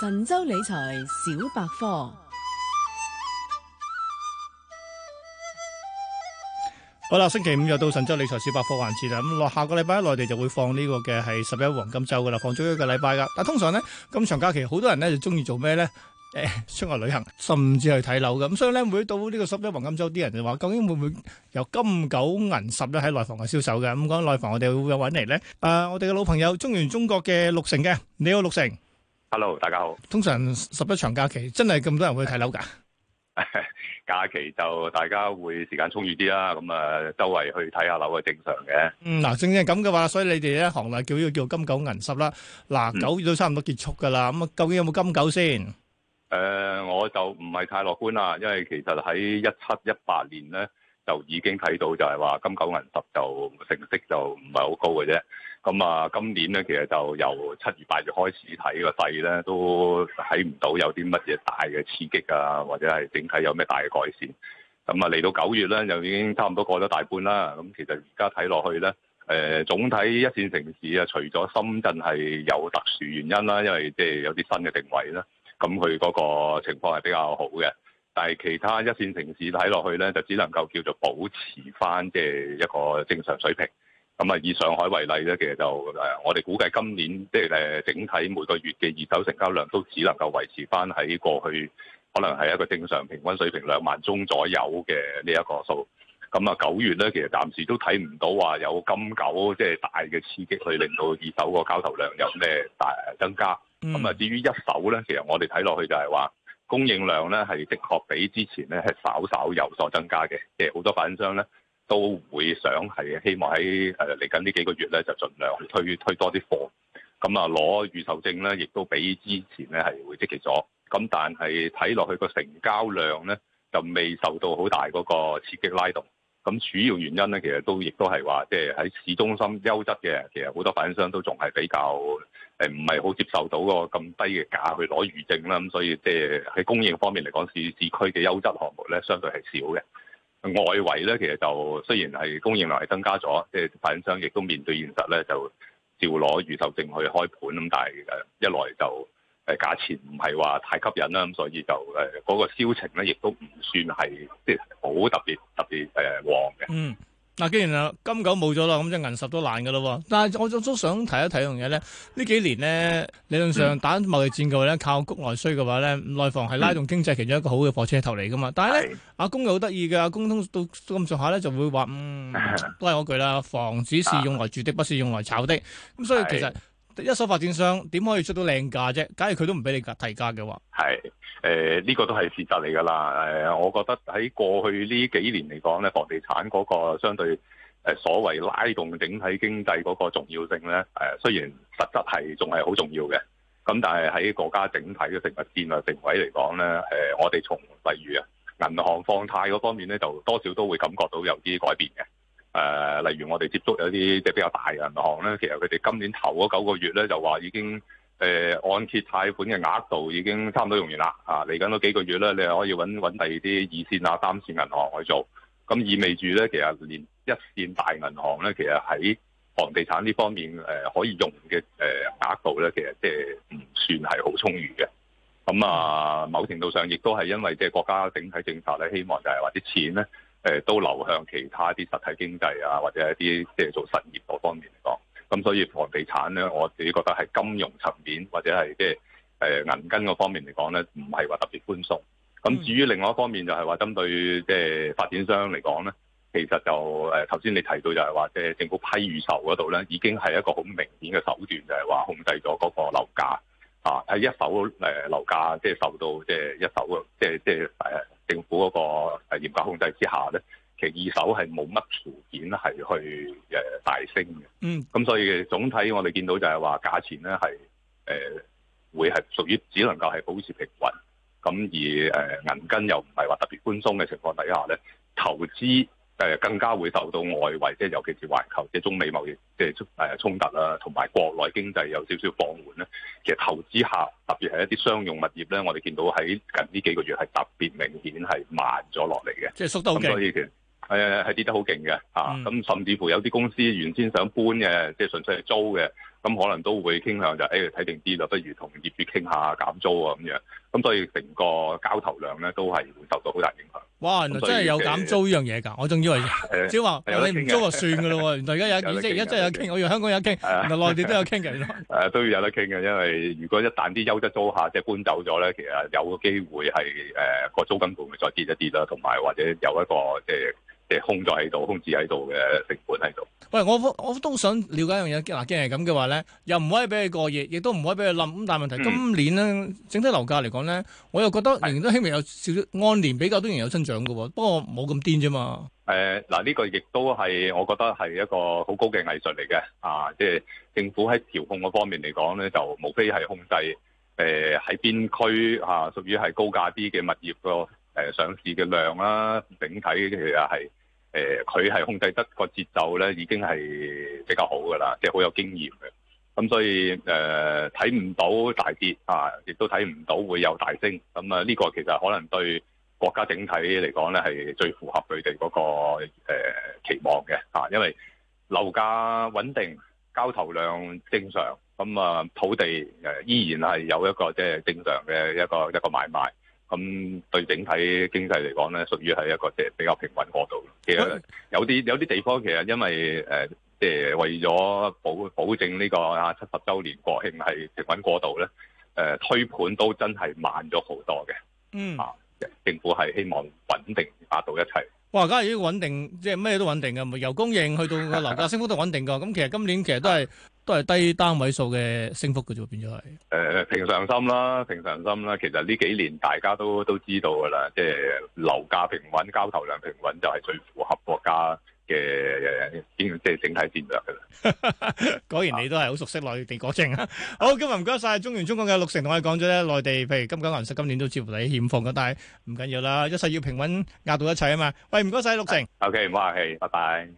神州理財小百科。好啦，星期五又到神州理財小百科環節啦。咁下個禮拜內地就會放呢個嘅係十一黃金周噶啦，放咗一個禮拜噶。但係通常咧咁長假期，好多人咧就中意做咩咧？誒，出外旅行，甚至係睇樓噶。咁所以咧，每到呢個十一黃金周，啲人就話，究竟會唔會有金九銀十咧喺內房嘅銷售嘅？咁講內房，我哋會唔會揾嚟咧？誒，我哋嘅老朋友中原中國嘅陸成嘅，你好，陸成。hello，大家好。通常十一長假期真係咁多人會去睇樓噶？ 假期就大家會時間充裕啲啦，咁啊周圍去睇下樓係正常嘅。嗯，嗱、啊，正正係咁嘅話，所以你哋咧行內叫叫金九銀十啦。嗱、啊，九月都差唔多結束噶啦，咁啊、嗯、究竟有冇金九先？誒、呃，我就唔係太樂觀啦，因為其實喺一七一八年咧就已經睇到就係話金九銀十就成色就唔係好高嘅啫。咁啊，今年咧，其實就由七月八月開始睇個勢咧，都睇唔到有啲乜嘢大嘅刺激啊，或者係整體有咩大嘅改善。咁啊，嚟到九月咧，就已經差唔多過咗大半啦。咁其實而家睇落去咧，誒、呃、總體一線城市啊，除咗深圳係有特殊原因啦、啊，因為即係有啲新嘅定位啦、啊，咁佢嗰個情況係比較好嘅。但係其他一線城市睇落去咧，就只能夠叫做保持翻即係一個正常水平。咁啊，以上海為例咧，其實就誒，我哋估計今年即係誒整體每個月嘅二手成交量都只能夠維持翻喺過去可能係一個正常平均水平，兩萬宗左右嘅呢一個數。咁啊，九月咧，其實暫時都睇唔到話有金九即係大嘅刺激去令到二手個交投量有咩大增加。咁啊、嗯，至於一手咧，其實我哋睇落去就係話供應量咧係的確比之前咧係稍稍有所增加嘅，即係好多發展商咧。都會想係希望喺誒嚟緊呢幾個月咧，就盡量去推推多啲貨，咁啊，攞預售證咧，亦都比之前咧係會積極咗。咁、嗯、但係睇落去個成交量咧，就未受到好大嗰個刺激拉動。咁、嗯、主要原因咧，其實都亦都係話，即係喺市中心優質嘅，其實好多發展商都仲係比較誒唔係好接受到個咁低嘅價去攞預證啦。咁、嗯、所以即係喺供應方面嚟講，市、市區嘅優質項目咧，相對係少嘅。外圍咧，其實就雖然係供應量係增加咗，即係發展商亦都面對現實咧，就照攞預售證去開盤咁，但係誒一來就誒價錢唔係話太吸引啦，咁所以就誒嗰個銷情咧亦都唔算係即係好特別特別誒旺嘅。嗯嗱，既、啊、然啊金九冇咗啦，咁即係銀十都難嘅咯。但係我仲都想提一提一樣嘢咧。呢幾年咧理論上打貿易戰嘅話咧，嗯、靠谷內需嘅話咧，內房係拉動經濟其中一個好嘅火車頭嚟嘅嘛。但係咧是，阿公又好得意嘅，阿公到咁上下咧就會話：嗯，都係嗰句啦，房子是用來住的，不是用來炒的。咁所以其實。一手發展商點可以出到靚價啫？假如佢都唔俾你提價嘅話，係誒呢個都係事實嚟㗎啦。誒、呃，我覺得喺過去呢幾年嚟講咧，房地產嗰個相對誒、呃、所謂拉動整體經濟嗰個重要性咧，誒、呃、雖然實質係仲係好重要嘅，咁但係喺國家整體嘅食物戰略定位嚟講咧，誒、呃、我哋從例如嘅銀行放貸嗰方面咧，就多少都會感覺到有啲改變嘅。誒、呃，例如我哋接觸有啲即係比較大嘅銀行咧，其實佢哋今年頭嗰九個月咧就話已經，誒、呃、按揭貸款嘅額度已經差唔多用完啦，嚇嚟緊嗰幾個月咧，你係可以揾揾第二啲二線啊、三線銀行去做，咁意味住咧，其實連一線大銀行咧，其實喺房地產呢方面誒可以用嘅誒額度咧，其實即係唔算係好充裕嘅。咁啊、呃，某程度上亦都係因為即係國家整體政策咧，希望就係話啲錢咧。誒都流向其他啲實體經濟啊，或者一啲即係做實業嗰方面嚟講，咁所以房地產咧，我自己覺得係金融層面或者係即係誒銀根嗰方面嚟講咧，唔係話特別寬鬆。咁至於另外一方面就係話針對即係發展商嚟講咧，其實就誒頭先你提到就係話即係政府批預售嗰度咧，已經係一個好明顯嘅手段，就係話控制咗嗰個樓價啊，喺一手誒樓價即係受到即係一手即係即係誒。即係即係誒政府嗰個誒嚴格控制之下咧，其實二手係冇乜條件係去誒大升嘅。嗯，咁所以總體我哋見到就係話價錢咧係誒會係屬於只能夠係保持平穩，咁而誒銀根又唔係話特別寬鬆嘅情況底下咧，投資，誒更加會受到外圍，即係尤其是環球，即係中美貿易，即係衝誒衝突啦，同埋國內經濟有少少放緩咧。其實投資客特別係一啲商用物業咧，我哋見到喺近呢幾個月係特別明顯係慢咗落嚟嘅，即係縮得好勁。係、呃嗯、啊，係跌得好勁嘅嚇。咁甚至乎有啲公司原先想搬嘅，即係純粹係租嘅。咁可能都會傾向就誒睇定啲啦，不如同業主傾下減租啊咁樣。咁所以成個交投量咧都係會受到好大影響。哇！原來真係有減租呢樣嘢㗎，我仲以為即話你唔租就算㗎啦喎。原來而家有即係，而家真係有傾，我以為香港有傾，原來內地都有傾嘅。誒都要有得傾嘅，因為如果一旦啲優質租客即係搬走咗咧，其實有個機會係誒個租金會唔會再跌一跌啦，同埋或者有一個誒。即係空咗喺度，空置喺度嘅成本喺度。喂，我我都想了解一樣嘢。嗱，既然係咁嘅話，咧，又唔可以俾佢過熱，亦都唔可以俾佢冧。咁但係問題、嗯、今年咧，整體樓價嚟講咧，我又覺得、嗯、仍然都希望有少少按年比較都仍然有增長嘅。不過冇咁癲啫嘛。誒、呃，嗱，呢個亦都係我覺得係一個好高嘅藝術嚟嘅。啊，即係政府喺調控嗰方面嚟講咧，就無非係控制誒喺邊區啊，屬於係高價啲嘅物業個誒上市嘅量啦。整體其實係。誒，佢係、呃、控制得個節奏咧，已經係比較好噶啦，即係好有經驗嘅。咁所以誒，睇、呃、唔到大跌啊，亦都睇唔到會有大升。咁啊，呢、這個其實可能對國家整體嚟講咧，係最符合佢哋嗰個誒、呃、期望嘅啊。因為樓價穩定，交投量正常，咁啊土地誒依然係有一個即係正常嘅一個一個，一個買賣。咁對整體經濟嚟講咧，屬於係一個即係比較平穩過渡。其實有啲有啲地方，其實因為誒即係為咗保保證呢個啊七十週年國慶係平穩過渡，咧、呃，誒推盤都真係慢咗好多嘅。嗯、mm. 啊，政府係希望穩定壓到一切。哇！而家已經穩定，即係咩都穩定嘅，唔係由供應去到個樓價升幅都穩定噶。咁 其實今年其實都係都係低單位數嘅升幅嘅啫，變咗係。誒、呃，平常心啦，平常心啦。其實呢幾年大家都都知道噶啦，即係樓價平穩，交投量平穩就係最符合國家。即係整體戰略嘅啦， 果然你都係好熟悉內地國政情啊！ 好，今日唔該晒中原中國嘅陸成同我哋講咗咧，內地譬如金九銀十今年都接唔到險況嘅，但係唔緊要啦，一世要平穩壓倒一切啊嘛！喂，唔該晒陸成，OK，唔好客氣，拜拜。